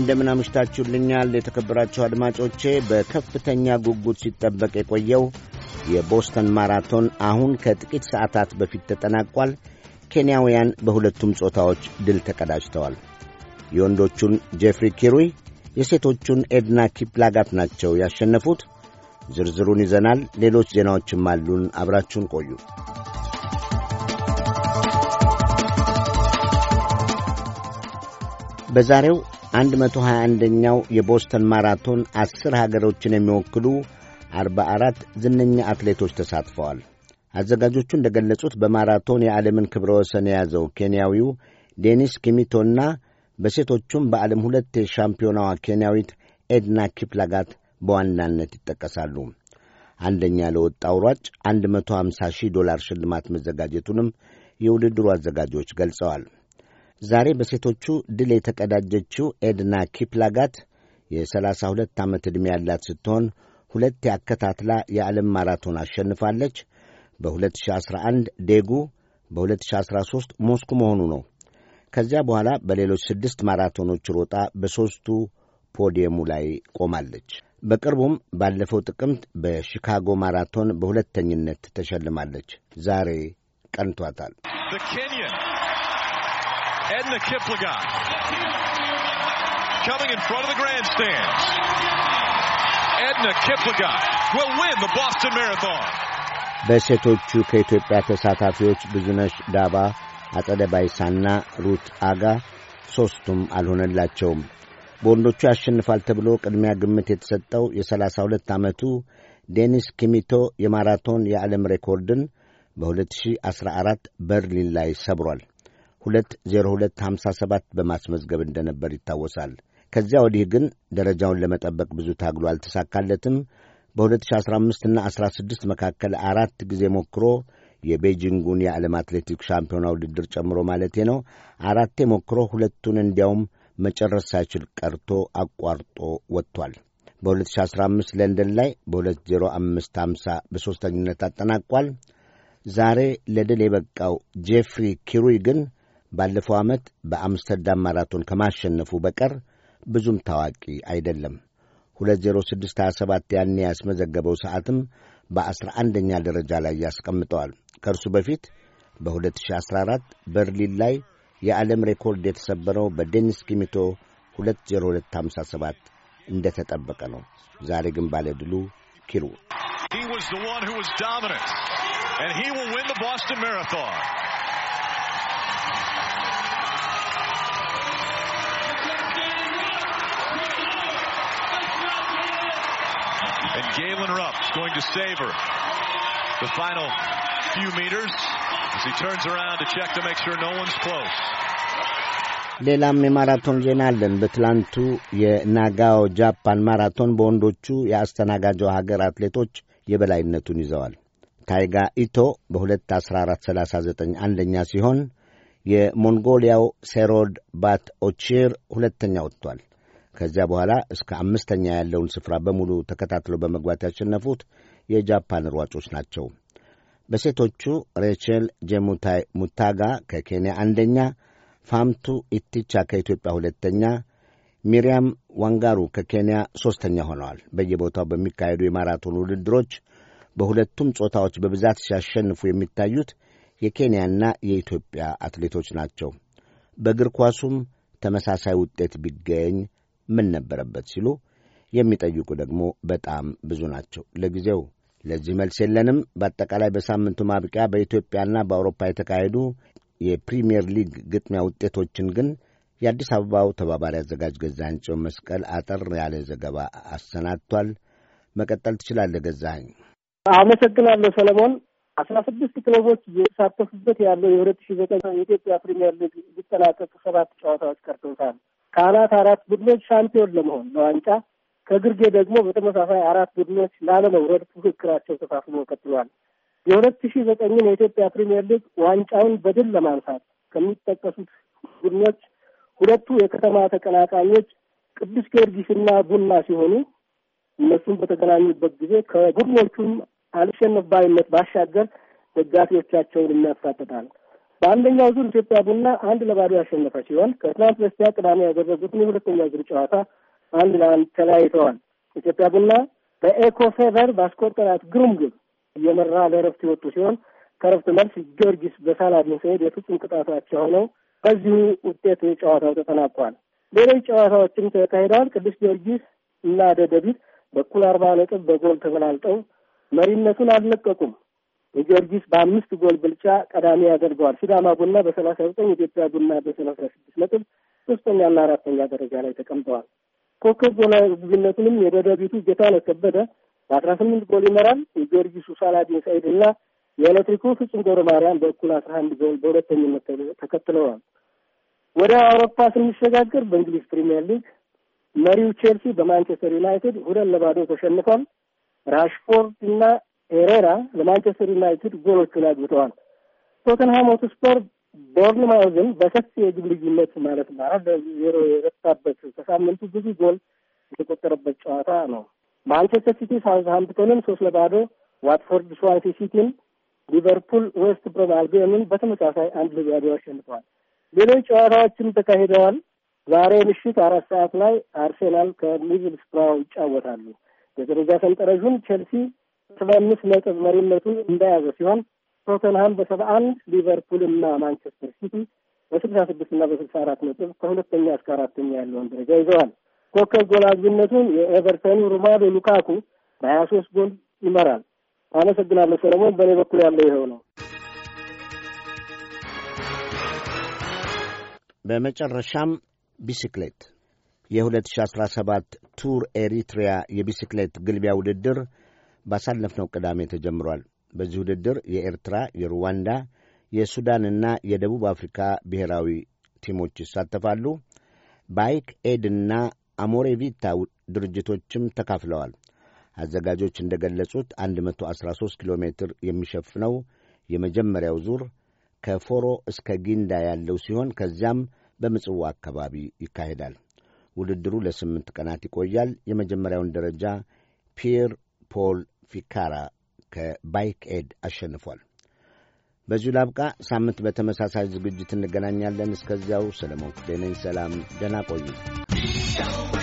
እንደምን አምሽታችሁልኛል የተከበራችሁ አድማጮቼ። በከፍተኛ ጉጉት ሲጠበቅ የቆየው የቦስተን ማራቶን አሁን ከጥቂት ሰዓታት በፊት ተጠናቋል። ኬንያውያን በሁለቱም ጾታዎች ድል ተቀዳጅተዋል። የወንዶቹን ጄፍሪ ኪሩይ፣ የሴቶቹን ኤድና ኪፕላጋት ናቸው ያሸነፉት። ዝርዝሩን ይዘናል። ሌሎች ዜናዎችም አሉን። አብራችሁን ቆዩ። በዛሬው 121ኛው የቦስተን ማራቶን አስር ሀገሮችን የሚወክሉ 44 ዝነኛ አትሌቶች ተሳትፈዋል። አዘጋጆቹ እንደ ገለጹት በማራቶን የዓለምን ክብረ ወሰን የያዘው ኬንያዊው ዴኒስ ኪሚቶና በሴቶቹም በዓለም ሁለት የሻምፒዮናዋ ኬንያዊት ኤድና ኪፕላጋት በዋናነት ይጠቀሳሉ። አንደኛ ለወጣው ሯጭ 150 ሺህ ዶላር ሽልማት መዘጋጀቱንም የውድድሩ አዘጋጆች ገልጸዋል። ዛሬ በሴቶቹ ድል የተቀዳጀችው ኤድና ኪፕላጋት የ32 ዓመት ዕድሜ ያላት ስትሆን ሁለት ያከታትላ የዓለም ማራቶን አሸንፋለች። በ2011 ዴጉ፣ በ2013 ሞስኩ መሆኑ ነው። ከዚያ በኋላ በሌሎች ስድስት ማራቶኖች ሮጣ በሦስቱ ፖዲየሙ ላይ ቆማለች። በቅርቡም ባለፈው ጥቅምት በሺካጎ ማራቶን በሁለተኝነት ተሸልማለች። ዛሬ ቀንቷታል። Edna Kiplagat. Coming in front of the grandstand. Edna Kiplagat will win the Boston Marathon. በሴቶቹ ከኢትዮጵያ ተሳታፊዎች ብዙነሽ ዳባ፣ አጸደ ባይሳና ሩት አጋ ሦስቱም አልሆነላቸውም። በወንዶቹ ያሸንፋል ተብሎ ቅድሚያ ግምት የተሰጠው የ32 ዓመቱ ዴኒስ ኪሚቶ የማራቶን የዓለም ሬኮርድን በ2014 በርሊን ላይ ሰብሯል። 20257 በማስመዝገብ እንደነበር ይታወሳል። ከዚያ ወዲህ ግን ደረጃውን ለመጠበቅ ብዙ ታግሎ አልተሳካለትም። በ2015 ና 16 መካከል አራት ጊዜ ሞክሮ የቤጂንጉን የዓለም አትሌቲክ ሻምፒዮና ውድድር ጨምሮ ማለቴ ነው። አራቴ ሞክሮ ሁለቱን እንዲያውም መጨረስ ሳይችል ቀርቶ አቋርጦ ወጥቷል። በ2015 ለንደን ላይ በ20550 በሦስተኝነት አጠናቋል። ዛሬ ለድል የበቃው ጄፍሪ ኪሩይ ግን ባለፈው ዓመት በአምስተርዳም ማራቶን ከማሸነፉ በቀር ብዙም ታዋቂ አይደለም። 20627 ያኔ ያስመዘገበው ሰዓትም በ11ኛ ደረጃ ላይ ያስቀምጠዋል። ከእርሱ በፊት በ2014 በርሊን ላይ የዓለም ሬኮርድ የተሰበረው በዴኒስ ኪሚቶ 20257 እንደተጠበቀ ነው። ዛሬ ግን ባለ ድሉ ኪሩ And Galen Rupp is going to savor the final few meters as he turns around to check to make sure no one's close. ሌላም የማራቶን ዜና አለን። በትላንቱ የናጋው ጃፓን ማራቶን በወንዶቹ የአስተናጋጀው ሀገር አትሌቶች የበላይነቱን ይዘዋል። ታይጋ ኢቶ በ2:14:39 አንደኛ ሲሆን የሞንጎሊያው ሴሮድ ባት ኦቺር ሁለተኛ ወጥቷል። ከዚያ በኋላ እስከ አምስተኛ ያለውን ስፍራ በሙሉ ተከታትለው በመግባት ያሸነፉት የጃፓን ሯጮች ናቸው። በሴቶቹ ሬቸል ጄሙታይ ሙታጋ ከኬንያ አንደኛ፣ ፋምቱ ኢቲቻ ከኢትዮጵያ ሁለተኛ፣ ሚሪያም ዋንጋሩ ከኬንያ ሦስተኛ ሆነዋል። በየቦታው በሚካሄዱ የማራቶን ውድድሮች በሁለቱም ጾታዎች በብዛት ሲያሸንፉ የሚታዩት የኬንያና የኢትዮጵያ አትሌቶች ናቸው። በእግር ኳሱም ተመሳሳይ ውጤት ቢገኝ ምን ነበረበት ሲሉ የሚጠይቁ ደግሞ በጣም ብዙ ናቸው። ለጊዜው ለዚህ መልስ የለንም። በአጠቃላይ በሳምንቱ ማብቂያ በኢትዮጵያና በአውሮፓ የተካሄዱ የፕሪምየር ሊግ ግጥሚያ ውጤቶችን ግን የአዲስ አበባው ተባባሪ አዘጋጅ ገዛኸኝ መስቀል አጠር ያለ ዘገባ አሰናድቷል። መቀጠል ትችላለህ ገዛኸኝ። አመሰግናለሁ ሰለሞን። አስራ ስድስት ክለቦች የተሳተፉበት ያለው የሁለት ሺ ዘጠኝ የኢትዮጵያ ፕሪምየር ሊግ ሊጠናቀቅ ሰባት ጨዋታዎች ቀርተውታል። ከአናት አራት ቡድኖች ሻምፒዮን ለመሆን ለዋንጫ ከግርጌ ደግሞ በተመሳሳይ አራት ቡድኖች ላለመውረድ ፉክክራቸው ተፋፍሞ ቀጥሏል። የሁለት ሺህ ዘጠኝን የኢትዮጵያ ፕሪምየር ሊግ ዋንጫውን በድል ለማንሳት ከሚጠቀሱት ቡድኖች ሁለቱ የከተማ ተቀናቃኞች ቅዱስ ጊዮርጊስና ቡና ሲሆኑ እነሱም በተገናኙበት ጊዜ ከቡድኖቹም አልሸነፍ ባሻገር ደጋፊዎቻቸውን የሚያፋጥጣል። በአንደኛው ዙር ኢትዮጵያ ቡና አንድ ለባዶ ያሸነፈ ሲሆን ከትናንት በስቲያ ቅዳሜ ያደረጉትን የሁለተኛ ዙር ጨዋታ አንድ ለአንድ ተለያይተዋል። ኢትዮጵያ ቡና በኤኮፌቨር ባስቆጠራት ግሩም ግብ እየመራ ለእረፍት የወጡ ሲሆን ከእረፍት መልስ ጊዮርጊስ በሳላቢን ሰሄድ የፍጹም ቅጣታቸው ሆነው በዚሁ ውጤት ጨዋታው ተጠናቋል። ሌሎች ጨዋታዎችም ተካሂደዋል። ቅዱስ ጊዮርጊስ እና ደደቢት በኩል አርባ ነጥብ በጎል ተበላልጠው መሪነቱን አልለቀቁም። የጊዮርጊስ በአምስት ጎል ብልጫ ቀዳሚ ያደርገዋል። ሲዳማ ቡና በሰላሳ ዘጠኝ ኢትዮጵያ ቡና በሰላሳ ስድስት ነጥብ ሶስተኛና አራተኛ ደረጃ ላይ ተቀምጠዋል። ኮከብ ጎል አግቢነቱንም የደደቢቱ ጌታነህ ከበደ በአስራ ስምንት ጎል ይመራል። የጊዮርጊሱ ሳላዲን ሰይድ እና የኤሌክትሪኩ ፍጹም ገብረ ማርያም በእኩል አስራ አንድ ጎል በሁለተኝነት ተከትለዋል። ወደ አውሮፓ ስንሸጋገር በእንግሊዝ ፕሪሚየር ሊግ መሪው ቼልሲ በማንቸስተር ዩናይትድ ሁለት ለባዶ ተሸንፏል። ራሽፎርድ እና ኤሬራ ለማንቸስተር ዩናይትድ ጎሎቹን አግብተዋል። ቶተንሃም ሆትስፐር ቦርንማውዝን በሰፊ የግብ ልዩነት ማለት አራት ለዜሮ የረታበት ከሳምንቱ ብዙ ጎል የተቆጠረበት ጨዋታ ነው። ማንቸስተር ሲቲ ሳውዝሃምፕተንን ሶስት ለባዶ፣ ዋትፎርድ ስዋንሲ ሲቲን፣ ሊቨርፑል ዌስት ብሮም አልቢዮንን በተመሳሳይ አንድ ለባዶ አሸንፈዋል። ሌሎች ጨዋታዎችም ተካሂደዋል። ዛሬ ምሽት አራት ሰዓት ላይ አርሴናል ከሚድልስብራው ይጫወታሉ። የደረጃ ሰንጠረዡን ቼልሲ ሰባ አምስት ነጥብ መሪነቱን እንደያዘ ሲሆን ቶተንሃም በሰባ አንድ ሊቨርፑል እና ማንቸስተር ሲቲ በስልሳ ስድስት እና በስልሳ አራት ነጥብ ከሁለተኛ እስከ አራተኛ ያለውን ደረጃ ይዘዋል። ኮከብ ጎል አግቢነቱን የኤቨርተኑ ሩማዶ ሉካኩ በሀያ ሶስት ጎል ይመራል። አመሰግናለሁ ሰለሞን። በእኔ በኩል ያለው ይኸው ነው። በመጨረሻም ቢስክሌት የሁለት ሺ አስራ ሰባት ቱር ኤሪትሪያ የቢስክሌት ግልቢያ ውድድር ባሳለፍነው ቅዳሜ ተጀምሯል። በዚህ ውድድር የኤርትራ፣ የሩዋንዳ፣ የሱዳንና የደቡብ አፍሪካ ብሔራዊ ቲሞች ይሳተፋሉ። ባይክ ኤድና አሞሬቪታ ድርጅቶችም ተካፍለዋል። አዘጋጆች እንደ ገለጹት 113 ኪሎ ሜትር የሚሸፍነው የመጀመሪያው ዙር ከፎሮ እስከ ጊንዳ ያለው ሲሆን ከዚያም በምጽዋ አካባቢ ይካሄዳል። ውድድሩ ለስምንት ቀናት ይቆያል። የመጀመሪያውን ደረጃ ፒየር ፖል ፊካራ ከባይክ ኤድ አሸንፏል። በዚሁ ላብቃ። ሳምንት በተመሳሳይ ዝግጅት እንገናኛለን። እስከዚያው ሰለሞን ክፍሌ ነኝ። ሰላም፣ ደህና ቆዩ።